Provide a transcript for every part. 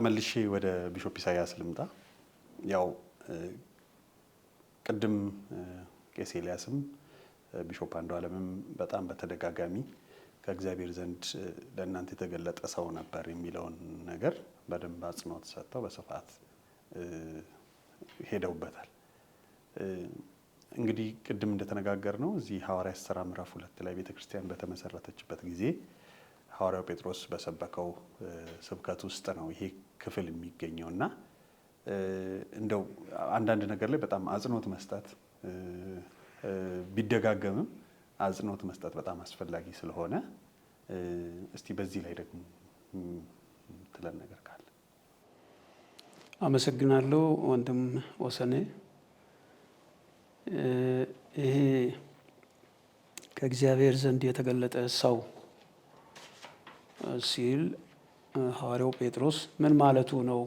ተመልሼ ወደ ቢሾፕ ኢሳያስ ልምጣ። ያው ቅድም ቄስ ኤልያስም ቢሾፕ አለምም በጣም በተደጋጋሚ ከእግዚአብሔር ዘንድ ለእናንተ የተገለጠ ሰው ነበር የሚለውን ነገር በደንብ አጽንኦት ሰጥተው በስፋት ሄደውበታል። እንግዲህ ቅድም እንደተነጋገር ነው እዚህ ሐዋርያት ስራ ምዕራፍ ሁለት ላይ ቤተክርስቲያን በተመሰረተችበት ጊዜ ሐዋርያው ጴጥሮስ በሰበከው ስብከት ውስጥ ነው ይሄ ክፍል የሚገኘው እና እንደው አንዳንድ ነገር ላይ በጣም አጽንኦት መስጠት ቢደጋገምም አጽንኦት መስጠት በጣም አስፈላጊ ስለሆነ እስቲ በዚህ ላይ ደግሞ ትለን ነገር ካለ። አመሰግናለሁ ወንድም ወሰኔ። ይሄ ከእግዚአብሔር ዘንድ የተገለጠ ሰው ሲል ሐዋርያው ጴጥሮስ ምን ማለቱ ነው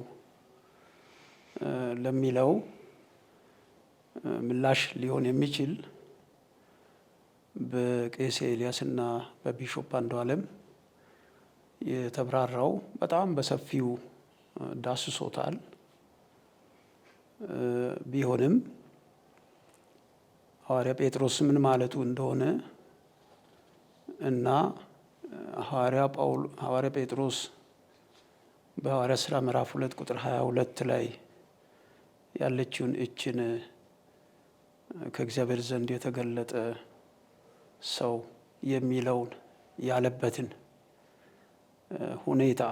ለሚለው ምላሽ ሊሆን የሚችል በቄስ ኤልያስና በቢሾፕ አንዱ ዓለም የተብራራው በጣም በሰፊው ዳስሶታል። ቢሆንም ሐዋርያ ጴጥሮስ ምን ማለቱ እንደሆነ እና ሐዋርያ ጴጥሮስ በሐዋርያ ሥራ ምዕራፍ ሁለት ቁጥር ሀያ ሁለት ላይ ያለችውን እችን ከእግዚአብሔር ዘንድ የተገለጠ ሰው የሚለውን ያለበትን ሁኔታ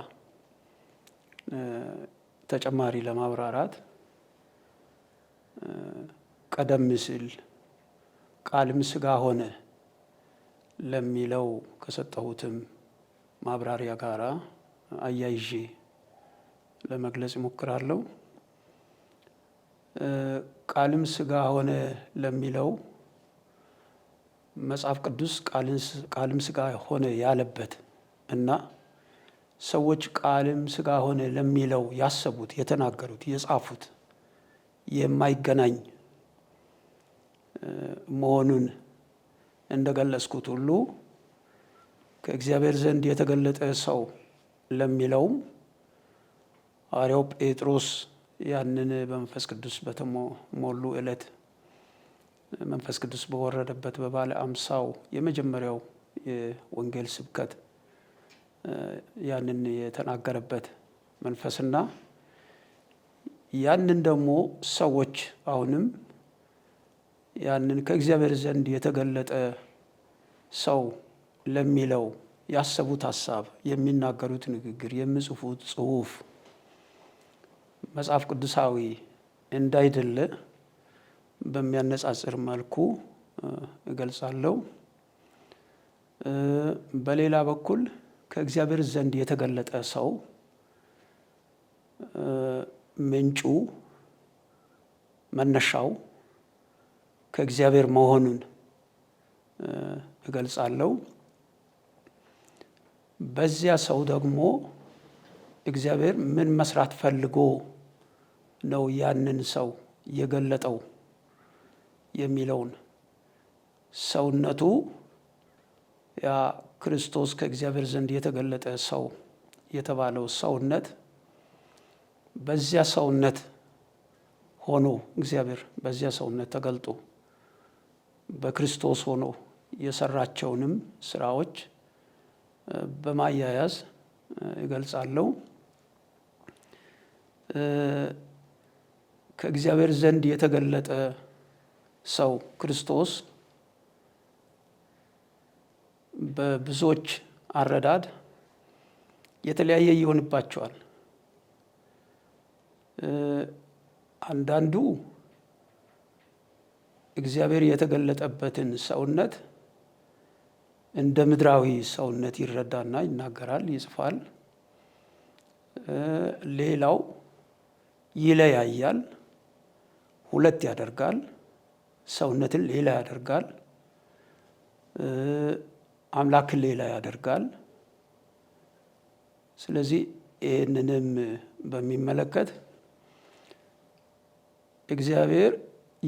ተጨማሪ ለማብራራት ቀደም ሲል ቃልም ስጋ ሆነ ለሚለው ከሰጠሁትም ማብራሪያ ጋር አያይዤ ለመግለጽ ይሞክራለሁ። ቃልም ስጋ ሆነ ለሚለው መጽሐፍ ቅዱስ ቃልም ስጋ ሆነ ያለበት እና ሰዎች ቃልም ስጋ ሆነ ለሚለው ያሰቡት፣ የተናገሩት፣ የጻፉት የማይገናኝ መሆኑን እንደገለጽኩት ሁሉ ከእግዚአብሔር ዘንድ የተገለጠ ሰው ለሚለውም ሐዋርያው ጴጥሮስ ያንን በመንፈስ ቅዱስ በተሞሉ ዕለት መንፈስ ቅዱስ በወረደበት በባለ አምሳው የመጀመሪያው የወንጌል ስብከት ያንን የተናገረበት መንፈስና ያንን ደግሞ ሰዎች አሁንም ያንን ከእግዚአብሔር ዘንድ የተገለጠ ሰው ለሚለው ያሰቡት ሀሳብ፣ የሚናገሩት ንግግር፣ የሚጽፉት ጽሁፍ መጽሐፍ ቅዱሳዊ እንዳይደለ በሚያነጻጽር መልኩ እገልጻለሁ። በሌላ በኩል ከእግዚአብሔር ዘንድ የተገለጠ ሰው ምንጩ መነሻው ከእግዚአብሔር መሆኑን እገልጻለሁ። በዚያ ሰው ደግሞ እግዚአብሔር ምን መስራት ፈልጎ ነው ያንን ሰው የገለጠው የሚለውን ሰውነቱ ያ ክርስቶስ ከእግዚአብሔር ዘንድ የተገለጠ ሰው የተባለው ሰውነት በዚያ ሰውነት ሆኖ እግዚአብሔር በዚያ ሰውነት ተገልጦ በክርስቶስ ሆኖ የሰራቸውንም ስራዎች በማያያዝ እገልጻለሁ። ከእግዚአብሔር ዘንድ የተገለጠ ሰው ክርስቶስ በብዙዎች አረዳድ የተለያየ ይሆንባቸዋል። አንዳንዱ እግዚአብሔር የተገለጠበትን ሰውነት እንደ ምድራዊ ሰውነት ይረዳና ይናገራል፣ ይጽፋል። ሌላው ይለያያል፣ ሁለት ያደርጋል፣ ሰውነትን ሌላ ያደርጋል፣ አምላክን ሌላ ያደርጋል። ስለዚህ ይህንንም በሚመለከት እግዚአብሔር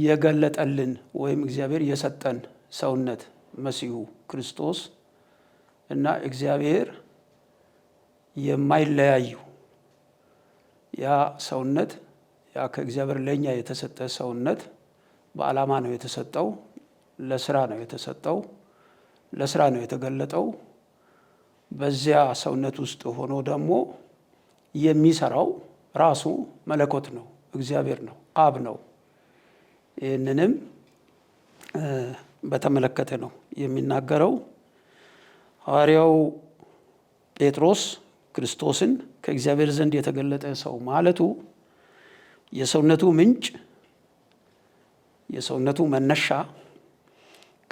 የገለጠልን ወይም እግዚአብሔር የሰጠን ሰውነት መሲሁ ክርስቶስ እና እግዚአብሔር የማይለያዩ ያ ሰውነት ያ ከእግዚአብሔር ለእኛ የተሰጠ ሰውነት በዓላማ ነው የተሰጠው፣ ለስራ ነው የተሰጠው፣ ለስራ ነው የተገለጠው። በዚያ ሰውነት ውስጥ ሆኖ ደግሞ የሚሰራው ራሱ መለኮት ነው፣ እግዚአብሔር ነው፣ አብ ነው። ይህንንም በተመለከተ ነው የሚናገረው ሐዋርያው ጴጥሮስ ክርስቶስን ከእግዚአብሔር ዘንድ የተገለጠ ሰው ማለቱ የሰውነቱ ምንጭ የሰውነቱ መነሻ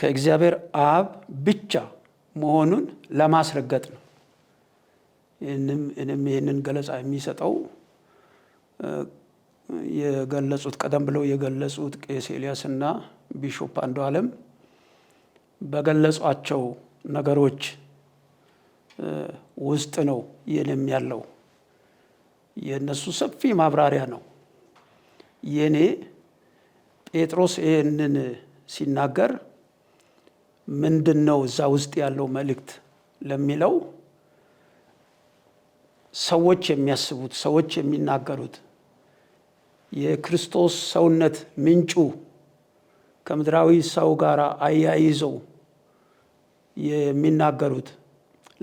ከእግዚአብሔር አብ ብቻ መሆኑን ለማስረገጥ ነው። ይህንም ይህንን ገለጻ የሚሰጠው የገለጹት ቀደም ብለው የገለጹት ቄስ ኤልያስ እና ቢሾፕ አንዱ አለም በገለጿቸው ነገሮች ውስጥ ነው የኔም ያለው የእነሱ ሰፊ ማብራሪያ ነው። የኔ ጴጥሮስ ይህንን ሲናገር ምንድን ነው እዛ ውስጥ ያለው መልእክት ለሚለው ሰዎች የሚያስቡት ሰዎች የሚናገሩት የክርስቶስ ሰውነት ምንጩ ከምድራዊ ሰው ጋር አያይዘው የሚናገሩት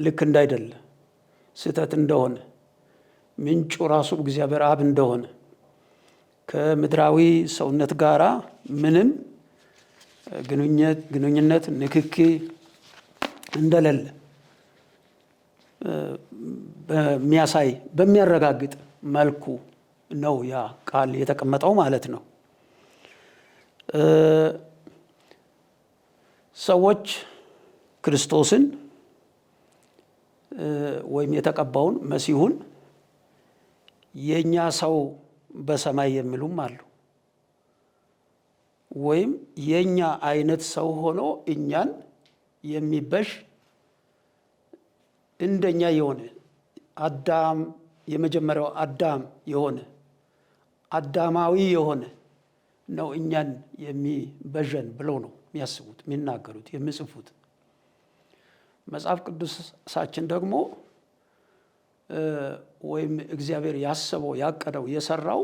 ልክ እንዳይደለ ስህተት እንደሆነ ምንጩ ራሱ እግዚአብሔር አብ እንደሆነ ከምድራዊ ሰውነት ጋር ምንም ግንኙነት ንክኪ እንደሌለ በሚያሳይ በሚያረጋግጥ መልኩ ነው ያ ቃል የተቀመጠው ማለት ነው። ሰዎች ክርስቶስን ወይም የተቀባውን መሲሁን የእኛ ሰው በሰማይ የሚሉም አሉ። ወይም የእኛ አይነት ሰው ሆኖ እኛን የሚበሽ እንደኛ የሆነ አዳም የመጀመሪያው አዳም የሆነ አዳማዊ የሆነ ነው እኛን የሚበዠን ብለው ነው የሚያስቡት፣ የሚናገሩት፣ የሚጽፉት። መጽሐፍ ቅዱሳችን ደግሞ ወይም እግዚአብሔር ያሰበው ያቀደው የሰራው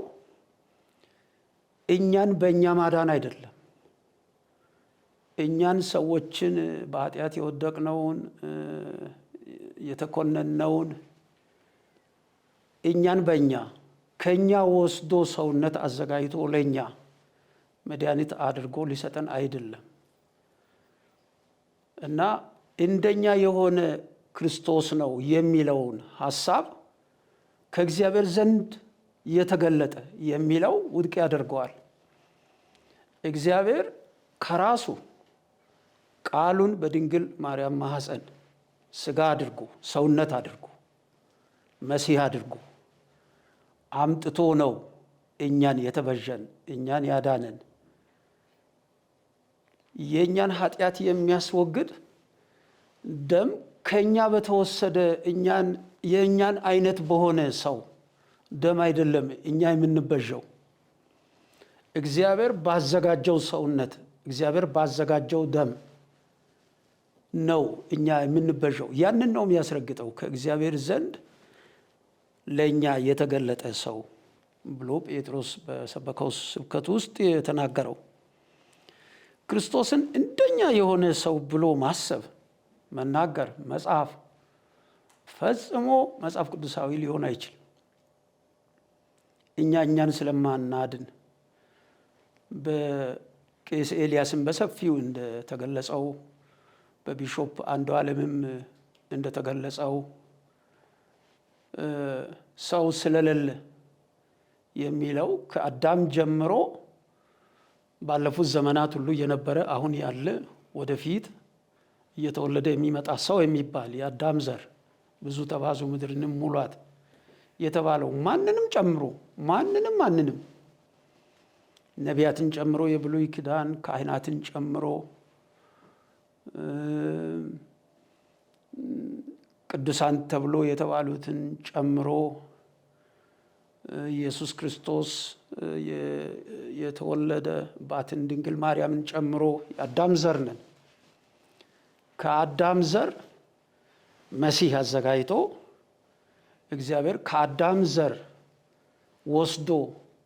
እኛን በእኛ ማዳን አይደለም። እኛን ሰዎችን በኃጢአት የወደቅነውን የተኮነነውን እኛን በእኛ ከእኛ ወስዶ ሰውነት አዘጋጅቶ ለእኛ መድኃኒት አድርጎ ሊሰጠን አይደለም እና እንደኛ የሆነ ክርስቶስ ነው የሚለውን ሀሳብ ከእግዚአብሔር ዘንድ የተገለጠ የሚለው ውድቅ ያደርገዋል። እግዚአብሔር ከራሱ ቃሉን በድንግል ማርያም ማኅፀን ስጋ አድርጎ ሰውነት አድርጎ መሲህ አድርጎ አምጥቶ ነው እኛን የተበዠን እኛን ያዳነን። የእኛን ኃጢአት የሚያስወግድ ደም ከእኛ በተወሰደ እኛን የእኛን አይነት በሆነ ሰው ደም አይደለም እኛ የምንበዣው እግዚአብሔር ባዘጋጀው ሰውነት እግዚአብሔር ባዘጋጀው ደም ነው እኛ የምንበዣው ያንን ነው የሚያስረግጠው ከእግዚአብሔር ዘንድ ለእኛ የተገለጠ ሰው ብሎ ጴጥሮስ በሰበከው ስብከት ውስጥ የተናገረው ክርስቶስን እንደኛ የሆነ ሰው ብሎ ማሰብ መናገር መጽሐፍ ፈጽሞ መጽሐፍ ቅዱሳዊ ሊሆን አይችልም። እኛ እኛን ስለማናድን በቄስ ኤልያስን በሰፊው እንደተገለጸው በቢሾፕ አንዱ ዓለምም እንደተገለጸው ሰው ስለሌለ የሚለው ከአዳም ጀምሮ ባለፉት ዘመናት ሁሉ የነበረ አሁን ያለ ወደፊት እየተወለደ የሚመጣ ሰው የሚባል የአዳም ዘር ብዙ ተባዙ ምድርንም ሙሏት የተባለው ማንንም ጨምሮ ማንንም ማንንም ነቢያትን ጨምሮ የብሉይ ኪዳን ካህናትን ጨምሮ ቅዱሳን ተብሎ የተባሉትን ጨምሮ ኢየሱስ ክርስቶስ የተወለደ ባትን ድንግል ማርያምን ጨምሮ የአዳም ዘር ነን። ከአዳም ዘር መሲህ አዘጋጅቶ እግዚአብሔር ከአዳም ዘር ወስዶ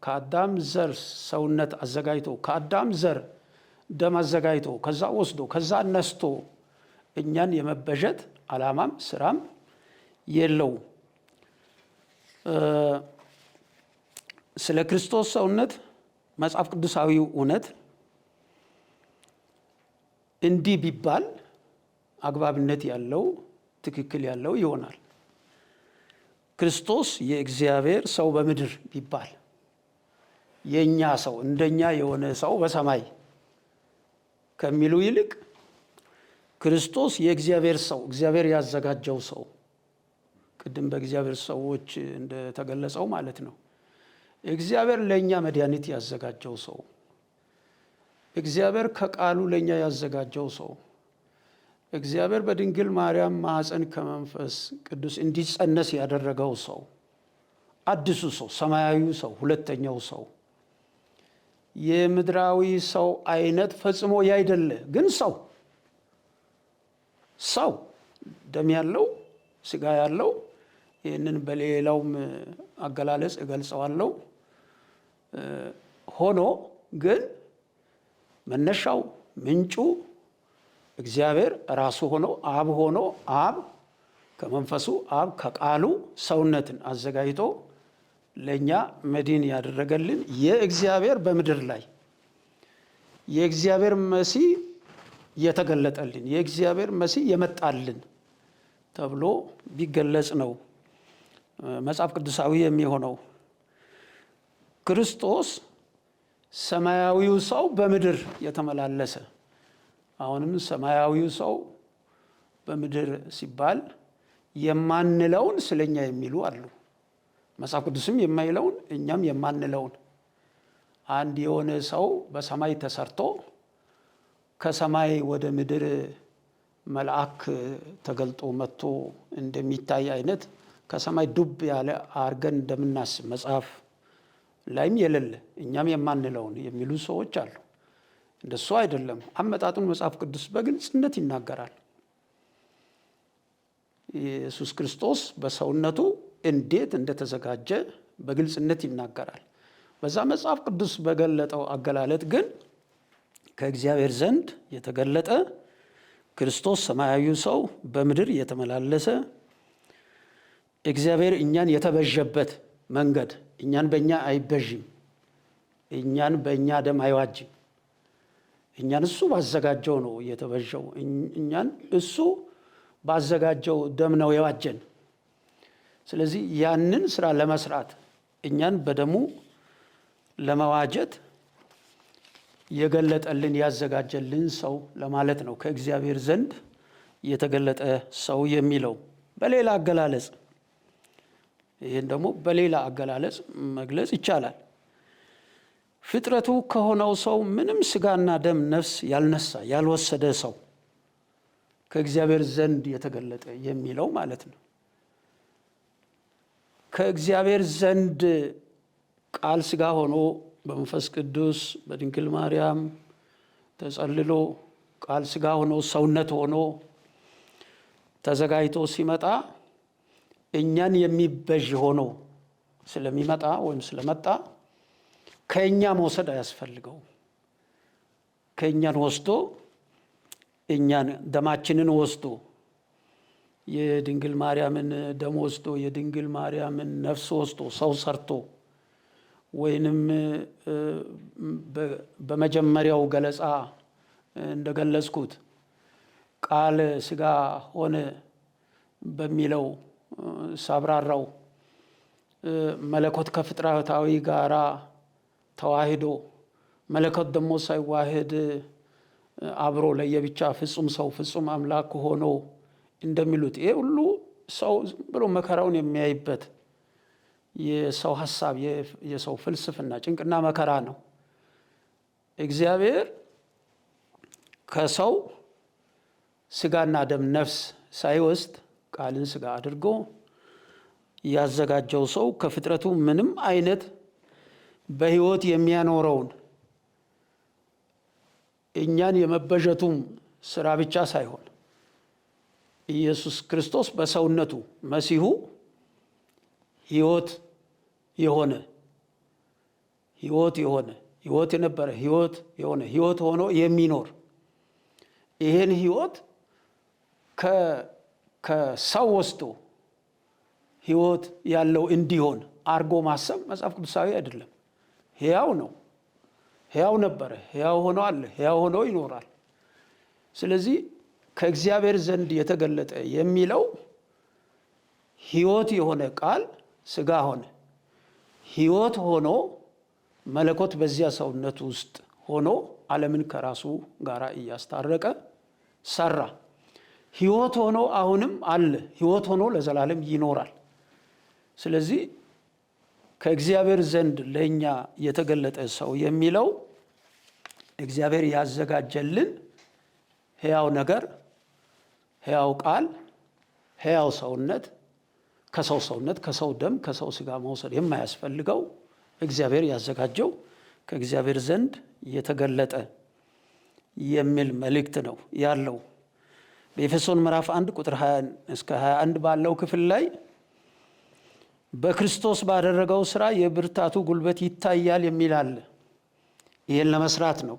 ከአዳም ዘር ሰውነት አዘጋጅቶ ከአዳም ዘር ደም አዘጋጅቶ ከዛ ወስዶ ከዛ ነስቶ እኛን የመበዠት ዓላማም ስራም የለው ስለ ክርስቶስ ሰውነት መጽሐፍ ቅዱሳዊው እውነት እንዲህ ቢባል አግባብነት ያለው ትክክል ያለው ይሆናል። ክርስቶስ የእግዚአብሔር ሰው በምድር ቢባል የእኛ ሰው እንደኛ የሆነ ሰው በሰማይ ከሚሉ ይልቅ ክርስቶስ የእግዚአብሔር ሰው እግዚአብሔር ያዘጋጀው ሰው ቅድም በእግዚአብሔር ሰዎች እንደተገለጸው ማለት ነው። እግዚአብሔር ለእኛ መድኃኒት ያዘጋጀው ሰው እግዚአብሔር ከቃሉ ለእኛ ያዘጋጀው ሰው እግዚአብሔር በድንግል ማርያም ማኅፀን ከመንፈስ ቅዱስ እንዲጸነስ ያደረገው ሰው አዲሱ ሰው ሰማያዊው ሰው ሁለተኛው ሰው የምድራዊ ሰው አይነት ፈጽሞ ያይደለ ግን ሰው ሰው ደም ያለው ስጋ ያለው ይህንን በሌላውም አገላለጽ እገልጸዋለሁ። ሆኖ ግን መነሻው ምንጩ እግዚአብሔር ራሱ ሆኖ አብ ሆኖ አብ ከመንፈሱ አብ ከቃሉ ሰውነትን አዘጋጅቶ ለእኛ መዲን ያደረገልን የእግዚአብሔር በምድር ላይ የእግዚአብሔር መሲህ የተገለጠልን የእግዚአብሔር መሲህ የመጣልን ተብሎ ቢገለጽ ነው መጽሐፍ ቅዱሳዊ የሚሆነው። ክርስቶስ ሰማያዊው ሰው በምድር የተመላለሰ። አሁንም ሰማያዊው ሰው በምድር ሲባል የማንለውን ስለኛ የሚሉ አሉ። መጽሐፍ ቅዱስም የማይለውን እኛም የማንለውን አንድ የሆነ ሰው በሰማይ ተሰርቶ ከሰማይ ወደ ምድር መልአክ ተገልጦ መጥቶ እንደሚታይ አይነት ከሰማይ ዱብ ያለ አርገን እንደምናስብ መጽሐፍ ላይም የሌለ እኛም የማንለውን የሚሉ ሰዎች አሉ። እንደሱ አይደለም። አመጣጡን መጽሐፍ ቅዱስ በግልጽነት ይናገራል። ኢየሱስ ክርስቶስ በሰውነቱ እንዴት እንደተዘጋጀ በግልጽነት ይናገራል። በዛ መጽሐፍ ቅዱስ በገለጠው አገላለጥ ግን ከእግዚአብሔር ዘንድ የተገለጠ ክርስቶስ ሰማያዊ ሰው በምድር የተመላለሰ እግዚአብሔር እኛን የተበዠበት መንገድ እኛን በእኛ አይበዥም፣ እኛን በእኛ ደም አይዋጅም። እኛን እሱ ባዘጋጀው ነው የተበዠው። እኛን እሱ ባዘጋጀው ደም ነው የዋጀን። ስለዚህ ያንን ስራ ለመስራት እኛን በደሙ ለመዋጀት የገለጠልን ያዘጋጀልን ሰው ለማለት ነው። ከእግዚአብሔር ዘንድ የተገለጠ ሰው የሚለው በሌላ አገላለጽ ይህን ደግሞ በሌላ አገላለጽ መግለጽ ይቻላል። ፍጥረቱ ከሆነው ሰው ምንም ስጋና ደም ነፍስ ያልነሳ ያልወሰደ ሰው ከእግዚአብሔር ዘንድ የተገለጠ የሚለው ማለት ነው። ከእግዚአብሔር ዘንድ ቃል ስጋ ሆኖ በመንፈስ ቅዱስ በድንግል ማርያም ተጸልሎ ቃል ስጋ ሆኖ ሰውነት ሆኖ ተዘጋጅቶ ሲመጣ እኛን የሚበዥ ሆኖ ስለሚመጣ ወይም ስለመጣ ከእኛ መውሰድ አያስፈልገው። ከእኛን ወስዶ እኛን ደማችንን ወስዶ የድንግል ማርያምን ደም ወስዶ የድንግል ማርያምን ነፍስ ወስዶ ሰው ሰርቶ ወይንም በመጀመሪያው ገለጻ እንደገለጽኩት ቃል ስጋ ሆነ በሚለው ሳብራራው መለኮት ከፍጥረታዊ ጋራ ተዋህዶ መለኮት ደግሞ ሳይዋህድ አብሮ ለየብቻ ፍጹም ሰው ፍጹም አምላክ ሆኖ እንደሚሉት ይሄ ሁሉ ሰው ዝም ብሎ መከራውን የሚያይበት የሰው ሀሳብ የሰው ፍልስፍና ጭንቅና መከራ ነው። እግዚአብሔር ከሰው ስጋና ደም ነፍስ ሳይወስድ ቃልን ስጋ አድርጎ ያዘጋጀው ሰው ከፍጥረቱ ምንም አይነት በህይወት የሚያኖረውን እኛን የመበዠቱም ስራ ብቻ ሳይሆን ኢየሱስ ክርስቶስ በሰውነቱ መሲሁ ህይወት። የሆነ ህይወት የሆነ ህይወት የነበረ ህይወት የሆነ ህይወት ሆኖ የሚኖር ይህን ህይወት ከሰው ወስዶ ህይወት ያለው እንዲሆን አርጎ ማሰብ መጽሐፍ ቅዱሳዊ አይደለም። ህያው ነው። ህያው ነበረ፣ ህያው ሆኖ አለ፣ ህያው ሆኖ ይኖራል። ስለዚህ ከእግዚአብሔር ዘንድ የተገለጠ የሚለው ህይወት የሆነ ቃል ስጋ ሆነ። ህይወት ሆኖ መለኮት በዚያ ሰውነት ውስጥ ሆኖ ዓለምን ከራሱ ጋር እያስታረቀ ሰራ። ህይወት ሆኖ አሁንም አለ። ህይወት ሆኖ ለዘላለም ይኖራል። ስለዚህ ከእግዚአብሔር ዘንድ ለእኛ የተገለጠ ሰው የሚለው እግዚአብሔር ያዘጋጀልን ህያው ነገር፣ ህያው ቃል፣ ህያው ሰውነት ከሰው ሰውነት ከሰው ደም ከሰው ስጋ መውሰድ የማያስፈልገው እግዚአብሔር ያዘጋጀው ከእግዚአብሔር ዘንድ የተገለጠ የሚል መልእክት ነው ያለው። በኤፌሶን ምዕራፍ 1 ቁጥር 20 እስከ 21 ባለው ክፍል ላይ በክርስቶስ ባደረገው ስራ የብርታቱ ጉልበት ይታያል የሚል አለ። ይህን ለመስራት ነው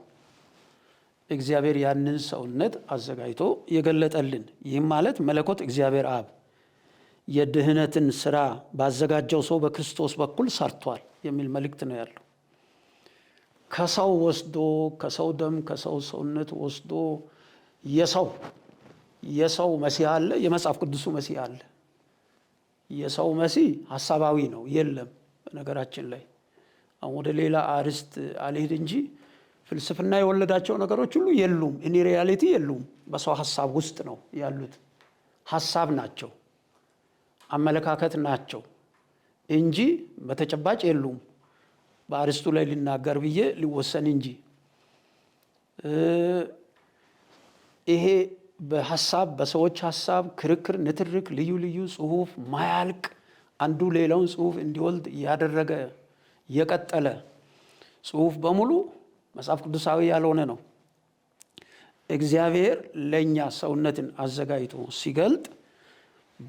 እግዚአብሔር ያንን ሰውነት አዘጋጅቶ የገለጠልን። ይህም ማለት መለኮት እግዚአብሔር አብ የድህነትን ስራ ባዘጋጀው ሰው በክርስቶስ በኩል ሰርቷል የሚል መልእክት ነው ያለው። ከሰው ወስዶ ከሰው ደም ከሰው ሰውነት ወስዶ የሰው የሰው መሲህ አለ፣ የመጽሐፍ ቅዱሱ መሲህ አለ። የሰው መሲህ ሀሳባዊ ነው የለም። በነገራችን ላይ አሁን ወደ ሌላ አርስት አልሄድ እንጂ ፍልስፍና የወለዳቸው ነገሮች ሁሉ የሉም፣ ኢን ሪያሊቲ የሉም። በሰው ሀሳብ ውስጥ ነው ያሉት፣ ሀሳብ ናቸው። አመለካከት ናቸው እንጂ በተጨባጭ የሉም። በአርስቱ ላይ ሊናገር ብዬ ሊወሰን እንጂ ይሄ በሀሳብ በሰዎች ሀሳብ ክርክር፣ ንትርክ፣ ልዩ ልዩ ጽሁፍ ማያልቅ አንዱ ሌላውን ጽሁፍ እንዲወልድ ያደረገ የቀጠለ ጽሁፍ በሙሉ መጽሐፍ ቅዱሳዊ ያልሆነ ነው። እግዚአብሔር ለእኛ ሰውነትን አዘጋጅቶ ሲገልጥ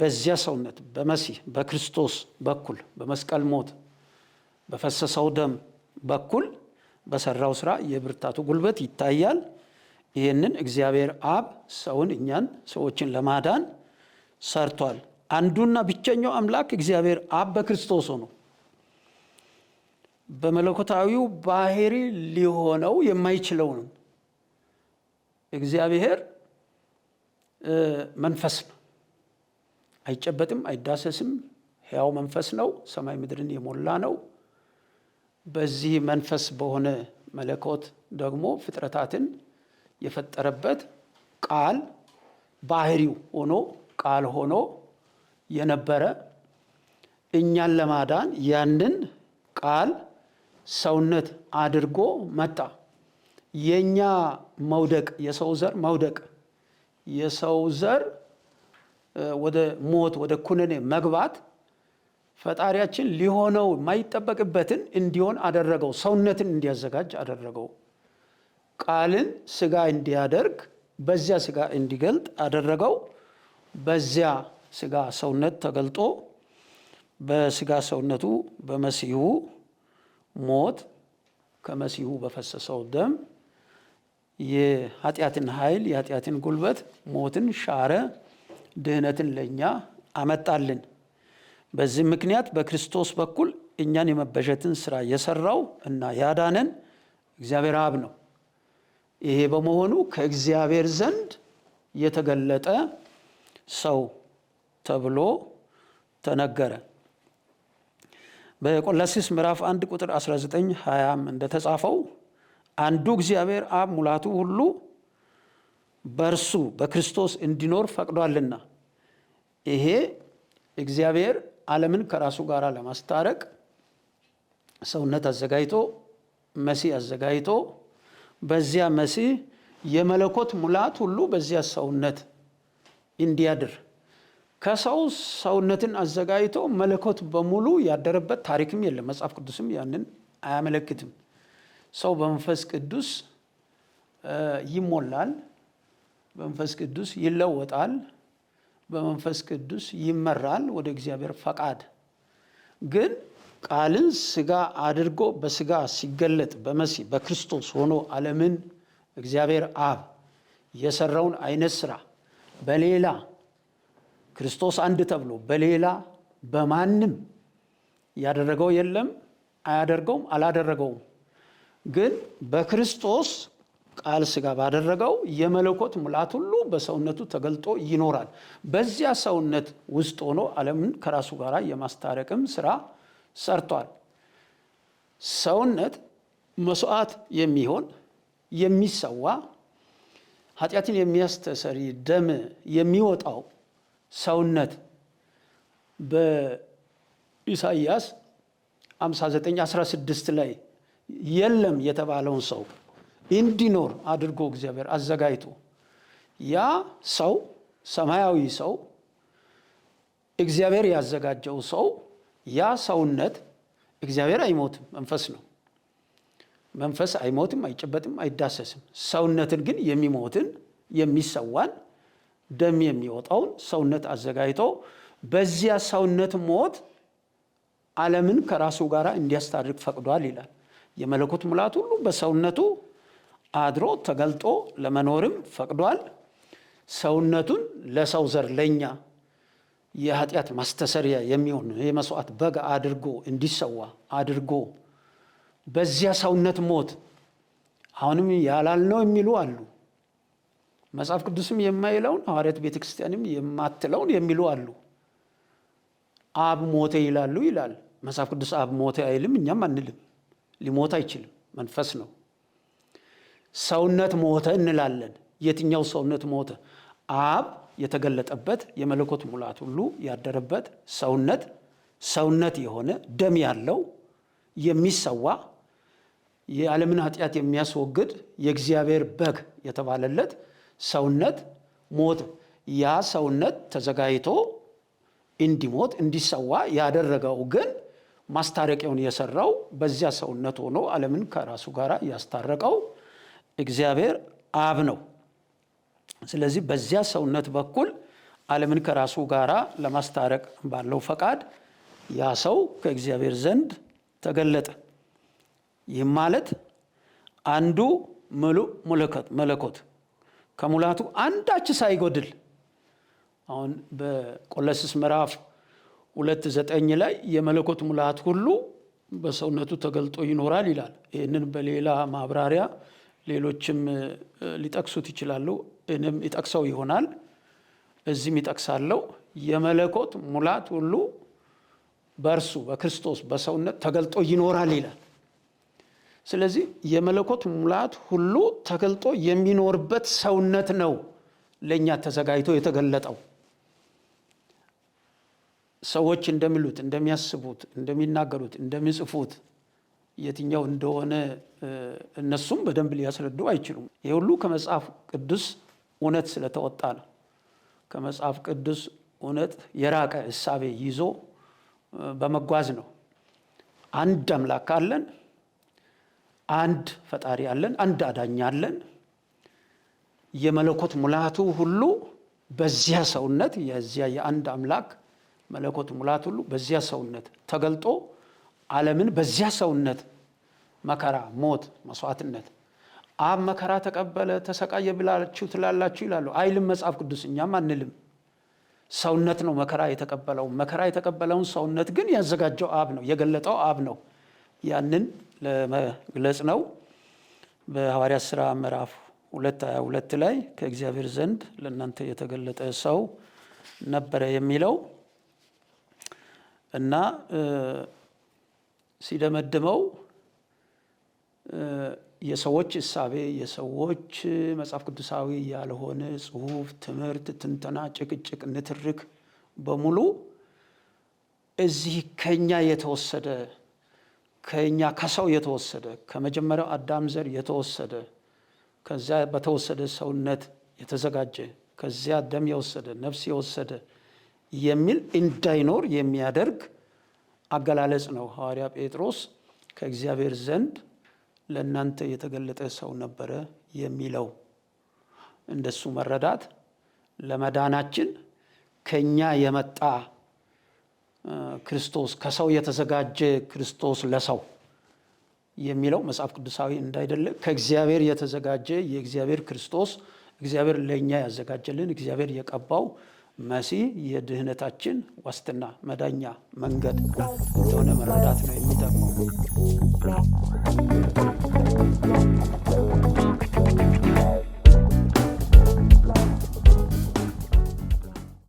በዚያ ሰውነት በመሲህ በክርስቶስ በኩል በመስቀል ሞት በፈሰሰው ደም በኩል በሰራው ስራ የብርታቱ ጉልበት ይታያል። ይህንን እግዚአብሔር አብ ሰውን እኛን ሰዎችን ለማዳን ሰርቷል። አንዱና ብቸኛው አምላክ እግዚአብሔር አብ በክርስቶስ ሆኖ በመለኮታዊው ባህሪ ሊሆነው የማይችለውን እግዚአብሔር መንፈስ ነው። አይጨበጥም፣ አይዳሰስም፣ ሕያው መንፈስ ነው፣ ሰማይ ምድርን የሞላ ነው። በዚህ መንፈስ በሆነ መለኮት ደግሞ ፍጥረታትን የፈጠረበት ቃል ባህሪው ሆኖ ቃል ሆኖ የነበረ እኛን ለማዳን ያንን ቃል ሰውነት አድርጎ መጣ። የእኛ መውደቅ የሰው ዘር መውደቅ የሰው ዘር ወደ ሞት ወደ ኩነኔ መግባት ፈጣሪያችን ሊሆነው የማይጠበቅበትን እንዲሆን አደረገው። ሰውነትን እንዲያዘጋጅ አደረገው። ቃልን ስጋ እንዲያደርግ በዚያ ስጋ እንዲገልጥ አደረገው። በዚያ ስጋ ሰውነት ተገልጦ በስጋ ሰውነቱ በመሲሁ ሞት ከመሲሁ በፈሰሰው ደም የኃጢአትን ኃይል የኃጢአትን ጉልበት ሞትን ሻረ። ድህነትን ለእኛ አመጣልን። በዚህ ምክንያት በክርስቶስ በኩል እኛን የመበሸትን ስራ የሰራው እና ያዳነን እግዚአብሔር አብ ነው። ይሄ በመሆኑ ከእግዚአብሔር ዘንድ የተገለጠ ሰው ተብሎ ተነገረ። በቆላሲስ ምዕራፍ 1 ቁጥር 19 20 እንደተጻፈው አንዱ እግዚአብሔር አብ ሙላቱ ሁሉ በእርሱ በክርስቶስ እንዲኖር ፈቅዷልና ይሄ እግዚአብሔር ዓለምን ከራሱ ጋር ለማስታረቅ ሰውነት አዘጋጅቶ መሲህ አዘጋጅቶ በዚያ መሲህ የመለኮት ሙላት ሁሉ በዚያ ሰውነት እንዲያድር ከሰው ሰውነትን አዘጋጅቶ መለኮት በሙሉ ያደረበት ታሪክም የለም። መጽሐፍ ቅዱስም ያንን አያመለክትም። ሰው በመንፈስ ቅዱስ ይሞላል፣ በመንፈስ ቅዱስ ይለወጣል። በመንፈስ ቅዱስ ይመራል ወደ እግዚአብሔር ፈቃድ። ግን ቃልን ስጋ አድርጎ በስጋ ሲገለጥ በመሲ በክርስቶስ ሆኖ አለምን እግዚአብሔር አብ የሰራውን አይነት ስራ በሌላ ክርስቶስ አንድ ተብሎ በሌላ በማንም ያደረገው የለም፣ አያደርገውም፣ አላደረገውም። ግን በክርስቶስ ቃል ስጋ ባደረገው የመለኮት ሙላት ሁሉ በሰውነቱ ተገልጦ ይኖራል። በዚያ ሰውነት ውስጥ ሆኖ አለምን ከራሱ ጋር የማስታረቅም ስራ ሰርቷል። ሰውነት መስዋዕት የሚሆን የሚሰዋ ኃጢአትን የሚያስተሰሪ ደም የሚወጣው ሰውነት በኢሳይያስ 5916 ላይ የለም የተባለውን ሰው እንዲኖር አድርጎ እግዚአብሔር አዘጋጅቶ ያ ሰው ሰማያዊ ሰው እግዚአብሔር ያዘጋጀው ሰው ያ ሰውነት እግዚአብሔር አይሞትም፣ መንፈስ ነው። መንፈስ አይሞትም፣ አይጨበጥም፣ አይዳሰስም። ሰውነትን ግን የሚሞትን የሚሰዋን ደም የሚወጣውን ሰውነት አዘጋጅቶ በዚያ ሰውነት ሞት ዓለምን ከራሱ ጋር እንዲያስታርቅ ፈቅዷል ይላል። የመለኮት ሙላት ሁሉ በሰውነቱ አድሮ ተገልጦ ለመኖርም ፈቅዷል። ሰውነቱን ለሰው ዘር ለእኛ የኃጢአት ማስተሰሪያ የሚሆን የመስዋዕት በግ አድርጎ እንዲሰዋ አድርጎ በዚያ ሰውነት ሞት አሁንም ያላልነው የሚሉ አሉ። መጽሐፍ ቅዱስም የማይለውን ሐዋርያት ቤተ ክርስቲያንም የማትለውን የሚሉ አሉ። አብ ሞተ ይላሉ ይላል መጽሐፍ ቅዱስ። አብ ሞተ አይልም፣ እኛም አንልም። ሊሞት አይችልም፣ መንፈስ ነው። ሰውነት ሞተ እንላለን። የትኛው ሰውነት ሞተ? አብ የተገለጠበት የመለኮት ሙላት ሁሉ ያደረበት ሰውነት ሰውነት የሆነ ደም ያለው የሚሰዋ የዓለምን ኃጢአት የሚያስወግድ የእግዚአብሔር በግ የተባለለት ሰውነት ሞት። ያ ሰውነት ተዘጋጅቶ እንዲሞት እንዲሰዋ ያደረገው ግን ማስታረቂያውን የሰራው በዚያ ሰውነት ሆኖ ዓለምን ከራሱ ጋር ያስታረቀው እግዚአብሔር አብ ነው። ስለዚህ በዚያ ሰውነት በኩል ዓለምን ከራሱ ጋር ለማስታረቅ ባለው ፈቃድ ያ ሰው ከእግዚአብሔር ዘንድ ተገለጠ። ይህም ማለት አንዱ ምሉእ መለኮት ከሙላቱ አንዳች ሳይጎድል አሁን በቆለስስ ምዕራፍ ሁለት ዘጠኝ ላይ የመለኮት ሙላት ሁሉ በሰውነቱ ተገልጦ ይኖራል ይላል። ይህንን በሌላ ማብራሪያ ሌሎችም ሊጠቅሱት ይችላሉ። እኔም ይጠቅሰው ይሆናል እዚህም ይጠቅሳለው። የመለኮት ሙላት ሁሉ በእርሱ በክርስቶስ በሰውነት ተገልጦ ይኖራል ይላል። ስለዚህ የመለኮት ሙላት ሁሉ ተገልጦ የሚኖርበት ሰውነት ነው ለእኛ ተዘጋጅቶ የተገለጠው። ሰዎች እንደሚሉት እንደሚያስቡት፣ እንደሚናገሩት፣ እንደሚጽፉት የትኛው እንደሆነ እነሱም በደንብ ሊያስረዱ አይችሉም። ይህ ሁሉ ከመጽሐፍ ቅዱስ እውነት ስለተወጣ ነው። ከመጽሐፍ ቅዱስ እውነት የራቀ እሳቤ ይዞ በመጓዝ ነው። አንድ አምላክ አለን፣ አንድ ፈጣሪ አለን፣ አንድ አዳኝ አለን። የመለኮት ሙላቱ ሁሉ በዚያ ሰውነት የዚያ የአንድ አምላክ መለኮት ሙላት ሁሉ በዚያ ሰውነት ተገልጦ ዓለምን በዚያ ሰውነት መከራ፣ ሞት፣ መስዋዕትነት አብ መከራ ተቀበለ ተሰቃየ ብላችሁ ትላላችሁ ይላሉ። አይልም መጽሐፍ ቅዱስ፣ እኛም አንልም። ሰውነት ነው መከራ የተቀበለው። መከራ የተቀበለውን ሰውነት ግን ያዘጋጀው አብ ነው፣ የገለጠው አብ ነው። ያንን ለመግለጽ ነው በሐዋርያ ሥራ ምዕራፍ ሁለት ሀያ ሁለት ላይ ከእግዚአብሔር ዘንድ ለእናንተ የተገለጠ ሰው ነበረ የሚለው እና ሲደመድመው የሰዎች እሳቤ የሰዎች መጽሐፍ ቅዱሳዊ ያልሆነ ጽሁፍ፣ ትምህርት፣ ትንተና፣ ጭቅጭቅ፣ ንትርክ በሙሉ እዚህ ከኛ የተወሰደ ከኛ ከሰው የተወሰደ ከመጀመሪያው አዳም ዘር የተወሰደ ከዚያ በተወሰደ ሰውነት የተዘጋጀ ከዚያ ደም የወሰደ ነፍስ የወሰደ የሚል እንዳይኖር የሚያደርግ አገላለጽ ነው። ሐዋርያ ጴጥሮስ ከእግዚአብሔር ዘንድ ለእናንተ የተገለጠ ሰው ነበረ የሚለው እንደሱ መረዳት ለመዳናችን ከኛ የመጣ ክርስቶስ ከሰው የተዘጋጀ ክርስቶስ ለሰው የሚለው መጽሐፍ ቅዱሳዊ እንዳይደለ ከእግዚአብሔር የተዘጋጀ የእግዚአብሔር ክርስቶስ እግዚአብሔር ለእኛ ያዘጋጀልን እግዚአብሔር የቀባው መሲህ የድህነታችን ዋስትና መዳኛ መንገድ እንደሆነ መረዳት ነው የሚጠቅመው።